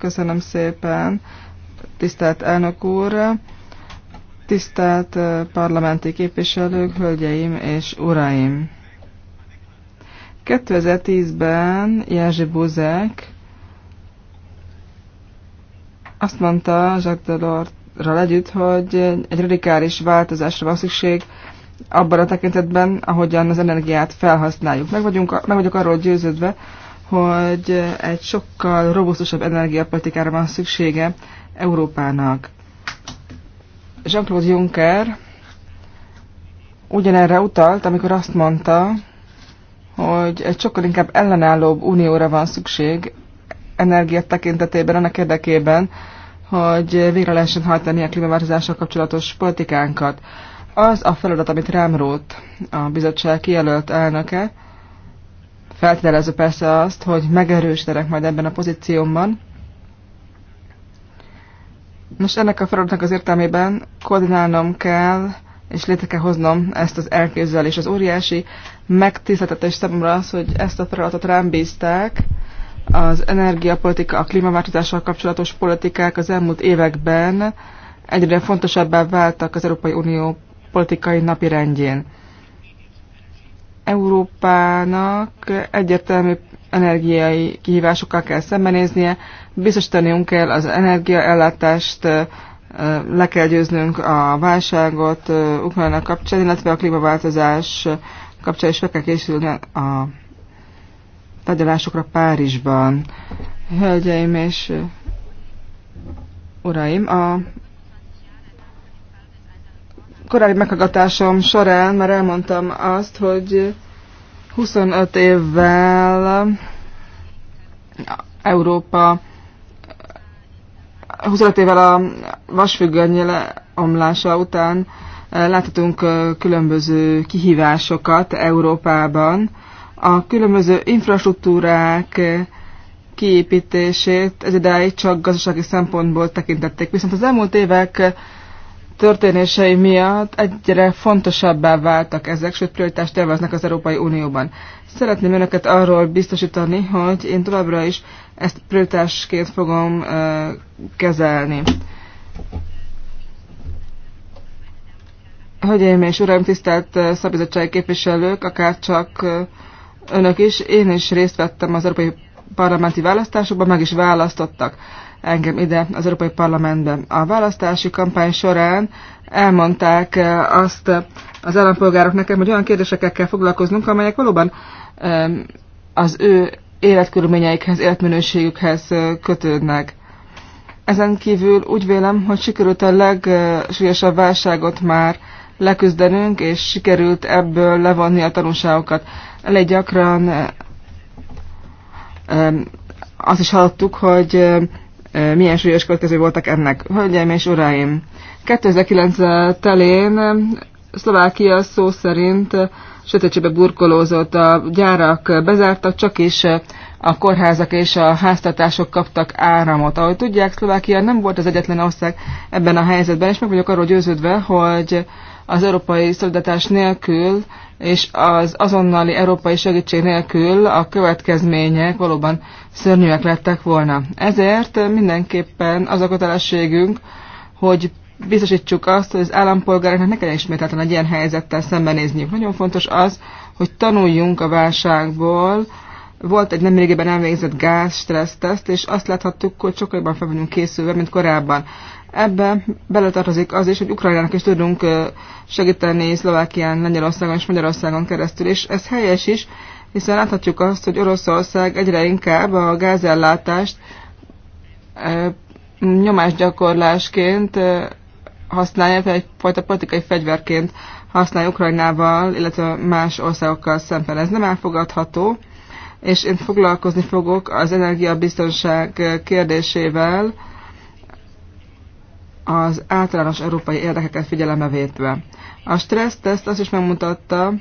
Köszönöm szépen, tisztelt elnök úr, tisztelt parlamenti képviselők, hölgyeim és uraim! 2010-ben Jerzy Buzek azt mondta Jacques Delors-ral együtt, hogy egy radikális változásra van szükség abban a tekintetben, ahogyan az energiát felhasználjuk. Meg, vagyunk, meg vagyok arról győződve, hogy egy sokkal robusztusabb energiapolitikára van szüksége Európának. Jean-Claude Juncker ugyanerre utalt, amikor azt mondta, hogy egy sokkal inkább ellenállóbb unióra van szükség energiát tekintetében, annak érdekében, hogy végre lehessen hajtani a klímaváltozással kapcsolatos politikánkat. Az a feladat, amit rám rót a bizottság kijelölt elnöke, feltételező persze azt, hogy megerősítenek majd ebben a pozíciómban. Most ennek a feladatnak az értelmében koordinálnom kell, és létre kell hoznom ezt az elképzelés. Az óriási megtiszteltetés számomra az, hogy ezt a feladatot rám bízták. Az energiapolitika, a klímaváltozással kapcsolatos politikák az elmúlt években egyre fontosabbá váltak az Európai Unió politikai napirendjén. Európának egyértelmű energiai kihívásokkal kell szembenéznie, biztosítanunk kell az energiaellátást, le kell győznünk a válságot Ukrajna kapcsán, illetve a klímaváltozás kapcsán is fel kell készülni a tárgyalásokra Párizsban. Hölgyeim és uraim, a korábbi meghallgatásom során már elmondtam azt, hogy 25 évvel Európa 25 évvel a vasfüggöny omlása után eh, láthatunk eh, különböző kihívásokat Európában. A különböző infrastruktúrák eh, kiépítését ez idáig csak gazdasági szempontból tekintették. Viszont az elmúlt évek történései miatt egyre fontosabbá váltak ezek, sőt prioritást terveznek az Európai Unióban. Szeretném önöket arról biztosítani, hogy én továbbra is ezt prioritásként fogom kezelni. Hölgyeim és Uraim, tisztelt szabizottsági képviselők, akár csak önök is, én is részt vettem az Európai parlamenti választásokban meg is választottak engem ide az Európai Parlamentben A választási kampány során elmondták eh, azt az állampolgárok nekem, hogy olyan kérdésekkel kell foglalkoznunk, amelyek valóban az ő életkörülményeikhez, életminőségükhez eh, kötődnek. Ezen kívül úgy vélem, hogy sikerült a legsúlyosabb válságot már leküzdenünk, és sikerült ebből levonni a tanulságokat. Elég gyakran azt is hallottuk, hogy milyen súlyos következő voltak ennek. Hölgyeim és uraim, 2009 telén Szlovákia szó szerint sötétségbe burkolózott, a gyárak bezártak, csak is a kórházak és a háztartások kaptak áramot. Ahogy tudják, Szlovákia nem volt az egyetlen ország ebben a helyzetben, és meg vagyok arról győződve, hogy az európai szolidatás nélkül és az azonnali európai segítség nélkül a következmények valóban szörnyűek lettek volna. Ezért mindenképpen az a kötelességünk, hogy biztosítsuk azt, hogy az állampolgáraknak ne kell ismételten egy ilyen helyzettel szembenézniük. Nagyon fontos az, hogy tanuljunk a válságból, volt egy nemrégiben elvégzett gáz stresszteszt, és azt láthattuk, hogy sokkal jobban fel vagyunk készülve, mint korábban. Ebbe beletartozik az is, hogy Ukrajnának is tudunk segíteni Szlovákián, Lengyelországon és Magyarországon keresztül, és ez helyes is, hiszen láthatjuk azt, hogy Oroszország egyre inkább a gázellátást nyomásgyakorlásként használja, tehát egyfajta politikai fegyverként használja Ukrajnával, illetve más országokkal szemben. Ez nem elfogadható, és én foglalkozni fogok az energiabiztonság kérdésével, az általános európai érdekeket figyelembe vétve. A stresszteszt azt is megmutatta,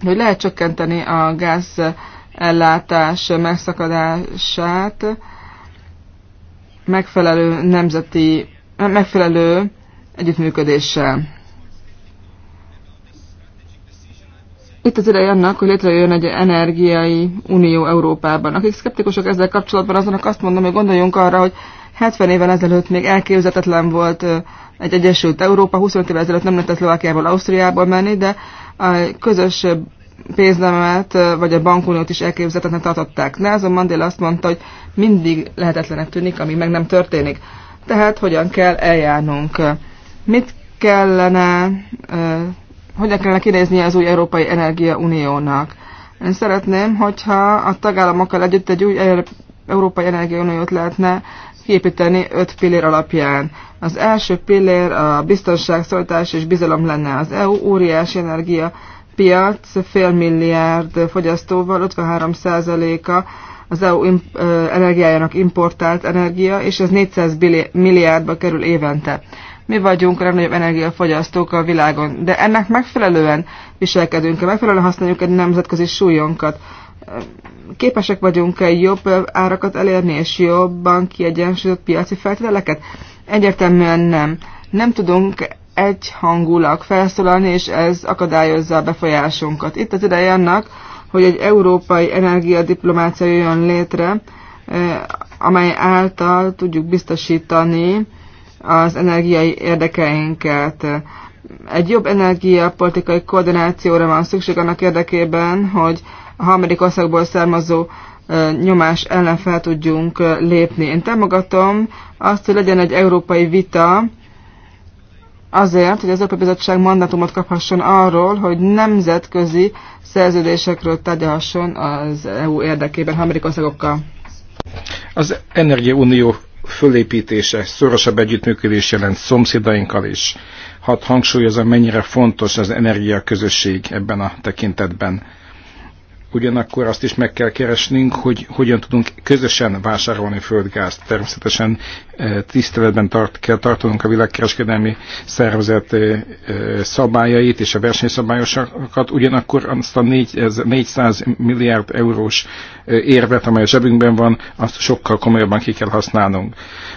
hogy lehet csökkenteni a gáz ellátás megszakadását megfelelő nemzeti, megfelelő együttműködéssel. Itt az ideje annak, hogy létrejön egy energiai unió Európában. Akik szkeptikusok ezzel kapcsolatban, azonnak azt mondom, hogy gondoljunk arra, hogy 70 évvel ezelőtt még elképzetetlen volt egy Egyesült Európa, 25 évvel ezelőtt nem lehetett Szlovákiából, Ausztriából menni, de a közös pénznemet, vagy a bankuniót is elképzetetlen tartották. azon Mandela azt mondta, hogy mindig lehetetlenek tűnik, ami meg nem történik. Tehát hogyan kell eljárnunk? Mit kellene hogyan kellene kinézni az új Európai Energia Uniónak. Én szeretném, hogyha a tagállamokkal együtt egy új Európai Energia Uniót lehetne kiépíteni öt pillér alapján. Az első pillér a biztonság, szoltás és bizalom lenne az EU, óriási energia piac, fél milliárd fogyasztóval, 53%-a az EU energiájának importált energia, és ez 400 milliárdba kerül évente mi vagyunk a legnagyobb energiafogyasztók a világon, de ennek megfelelően viselkedünk-e, megfelelően használjuk egy nemzetközi súlyunkat. Képesek vagyunk-e jobb árakat elérni és jobban kiegyensúlyozott piaci feltételeket? Egyértelműen nem. Nem tudunk egyhangulag felszólalni, és ez akadályozza a befolyásunkat. Itt az ideje annak, hogy egy európai energiadiplomácia jön létre, eh, amely által tudjuk biztosítani az energiai érdekeinket. Egy jobb energiapolitikai koordinációra van szükség annak érdekében, hogy a harmadik országból származó nyomás ellen fel tudjunk lépni. Én támogatom azt, hogy legyen egy európai vita azért, hogy az Európai Bizottság mandátumot kaphasson arról, hogy nemzetközi szerződésekről tárgyalhasson az EU érdekében harmadik országokkal. Az Energiaunió fölépítése, szorosabb együttműködés jelent szomszédainkkal is. Hadd hangsúlyozom, mennyire fontos az energiaközösség ebben a tekintetben ugyanakkor azt is meg kell keresnünk, hogy hogyan tudunk közösen vásárolni földgázt. Természetesen eh, tiszteletben tart, kell tartanunk a világkereskedelmi szervezet eh, eh, szabályait és a versenyszabályosakat. ugyanakkor azt a 400 milliárd eurós érvet, amely a zsebünkben van, azt sokkal komolyabban ki kell használnunk.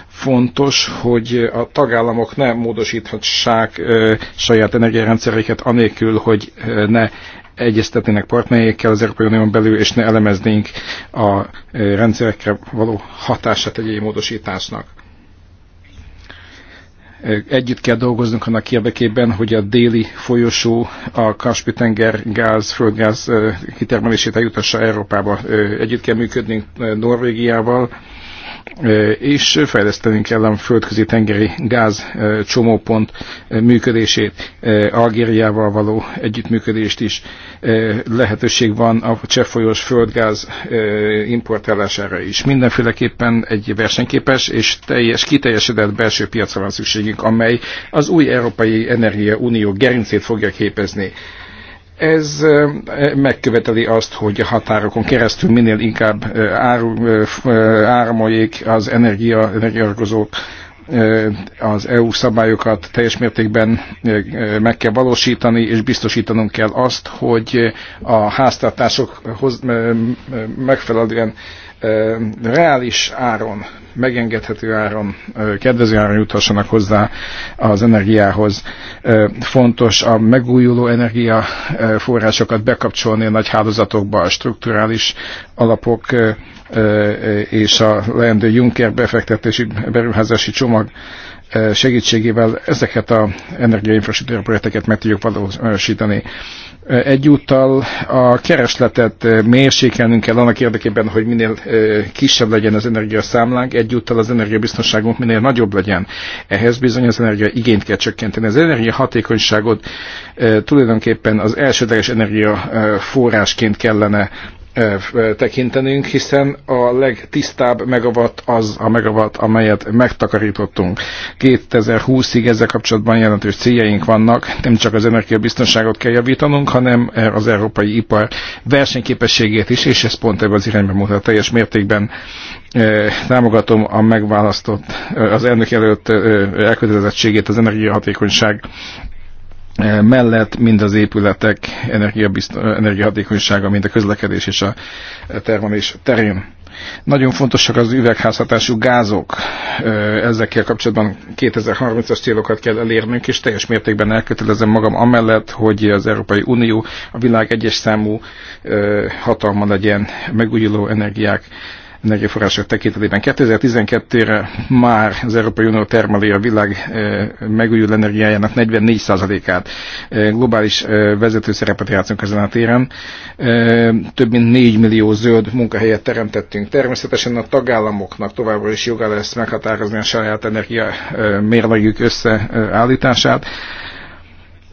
Fontos, hogy a tagállamok ne módosíthassák saját energiarendszereket anélkül, hogy ne egyeztetnének partnereikkel az Európai Unión belül, és ne elemeznénk a e, rendszerekre való hatását egy módosításnak. E, együtt kell dolgoznunk annak érdekében, hogy a déli folyosó a Kaspi-tenger gáz, földgáz e, kitermelését eljutassa Európába. Együtt kell működnünk Norvégiával, és fejleszteni kell a földközi tengeri gáz csomópont működését, Algériával való együttműködést is. Lehetőség van a cseppfolyós földgáz importálására is. Mindenféleképpen egy versenyképes és teljes, kiteljesedett belső piacra van szükségünk, amely az új Európai Energia Unió gerincét fogja képezni. Ez megköveteli azt, hogy a határokon keresztül minél inkább áru, áramoljék az energia, energiargozók az EU szabályokat teljes mértékben meg kell valósítani, és biztosítanunk kell azt, hogy a háztartások megfelelően reális áron, megengedhető áron, kedvező áron juthassanak hozzá az energiához. Fontos a megújuló energiaforrásokat bekapcsolni a nagy hálózatokba, a strukturális alapok és a leendő Juncker befektetési beruházási csomag segítségével ezeket a energiainfrastruktúra projekteket meg tudjuk valósítani. Egyúttal a keresletet mérsékelnünk kell annak érdekében, hogy minél kisebb legyen az energiaszámlánk, egyúttal az energiabiztonságunk minél nagyobb legyen. Ehhez bizony az energia igényt kell csökkenteni. Az energia hatékonyságot tulajdonképpen az elsődleges energiaforrásként kellene tekintenünk, hiszen a legtisztább megavat az a megavat, amelyet megtakarítottunk. 2020-ig ezzel kapcsolatban jelentős céljaink vannak, nem csak az energiabiztonságot kell javítanunk, hanem az európai ipar versenyképességét is, és ez pont ebben az irányban mutat teljes mértékben támogatom a megválasztott, az elnök előtt elkötelezettségét az energiahatékonyság Eh, mellett mind az épületek energiahatékonysága, mind a közlekedés és a termelés terén. Nagyon fontosak az üvegházhatású gázok. Eh, ezekkel kapcsolatban 2030-as célokat kell elérnünk, és teljes mértékben elkötelezem magam amellett, hogy az Európai Unió a világ egyes számú eh, hatalma legyen megújuló energiák energiaforrások tekintetében. 2012-re már az Európai Unió termeli a világ e, megújuló energiájának 44%-át. E, globális e, vezető szerepet játszunk ezen a téren. Több mint 4 millió zöld munkahelyet teremtettünk. Természetesen a tagállamoknak továbbra is joga lesz meghatározni a saját energia mérlegük összeállítását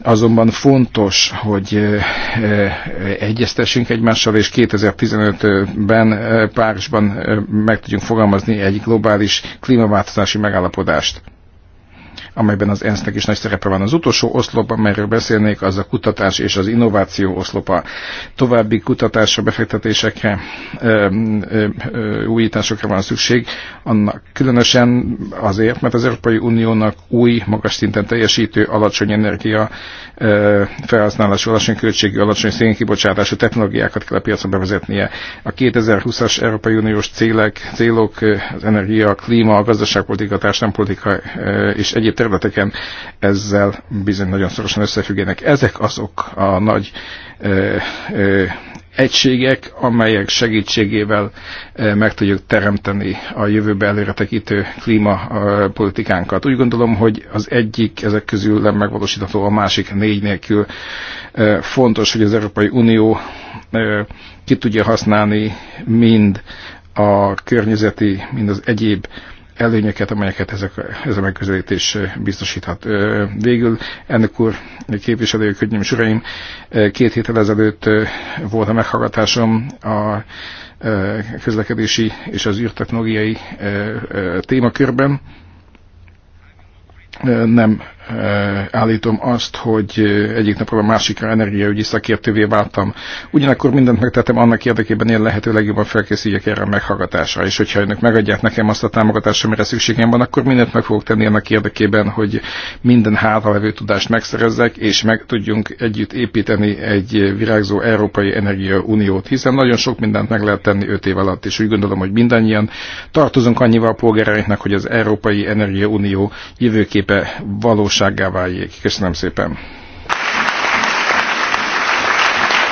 Azonban fontos, hogy egyeztessünk egymással, és 2015-ben Párizsban meg tudjunk fogalmazni egy globális klímaváltozási megállapodást amelyben az ENSZ-nek is nagy szerepe van. Az utolsó oszlop, amelyről beszélnék, az a kutatás és az innováció oszlopa. További kutatásra, befektetésekre, újításokra van szükség, annak különösen azért, mert az Európai Uniónak új, magas szinten teljesítő, alacsony energia felhasználású, alacsony költségű, alacsony szénkibocsátású technológiákat kell a piacon bevezetnie. A 2020-as Európai Uniós célek, célok, az energia, a klíma, a gazdaságpolitika, a politika és egyéb területeken, ezzel bizony nagyon szorosan összefüggenek. Ezek azok a nagy ö, ö, egységek, amelyek segítségével meg tudjuk teremteni a jövőbe előretekítő klímapolitikánkat. Úgy gondolom, hogy az egyik ezek közül nem megvalósítható, a másik négy nélkül. Fontos, hogy az Európai Unió ki tudja használni mind a környezeti, mind az egyéb előnyöket, amelyeket ezek, ez a megközelítés biztosíthat. Végül ennek úr képviselő, hölgyeim és uraim, két héttel ezelőtt volt a meghallgatásom a közlekedési és az űrtechnológiai témakörben. Nem Eh, állítom azt, hogy eh, egyik napról a másikra energiaügyi szakértővé váltam. Ugyanakkor mindent megtettem annak érdekében, én lehető legjobban felkészüljek erre a meghallgatásra, és hogyha önök megadják nekem azt a támogatást, amire szükségem van, akkor mindent meg fogok tenni annak érdekében, hogy minden hátralevő tudást megszerezzek, és meg tudjunk együtt építeni egy virágzó Európai Energia Uniót, hiszen nagyon sok mindent meg lehet tenni öt év alatt, és úgy gondolom, hogy mindannyian tartozunk annyival a polgárainknak, hogy az Európai Energia Unió jövőképe valós valósággá váljék. Köszönöm szépen!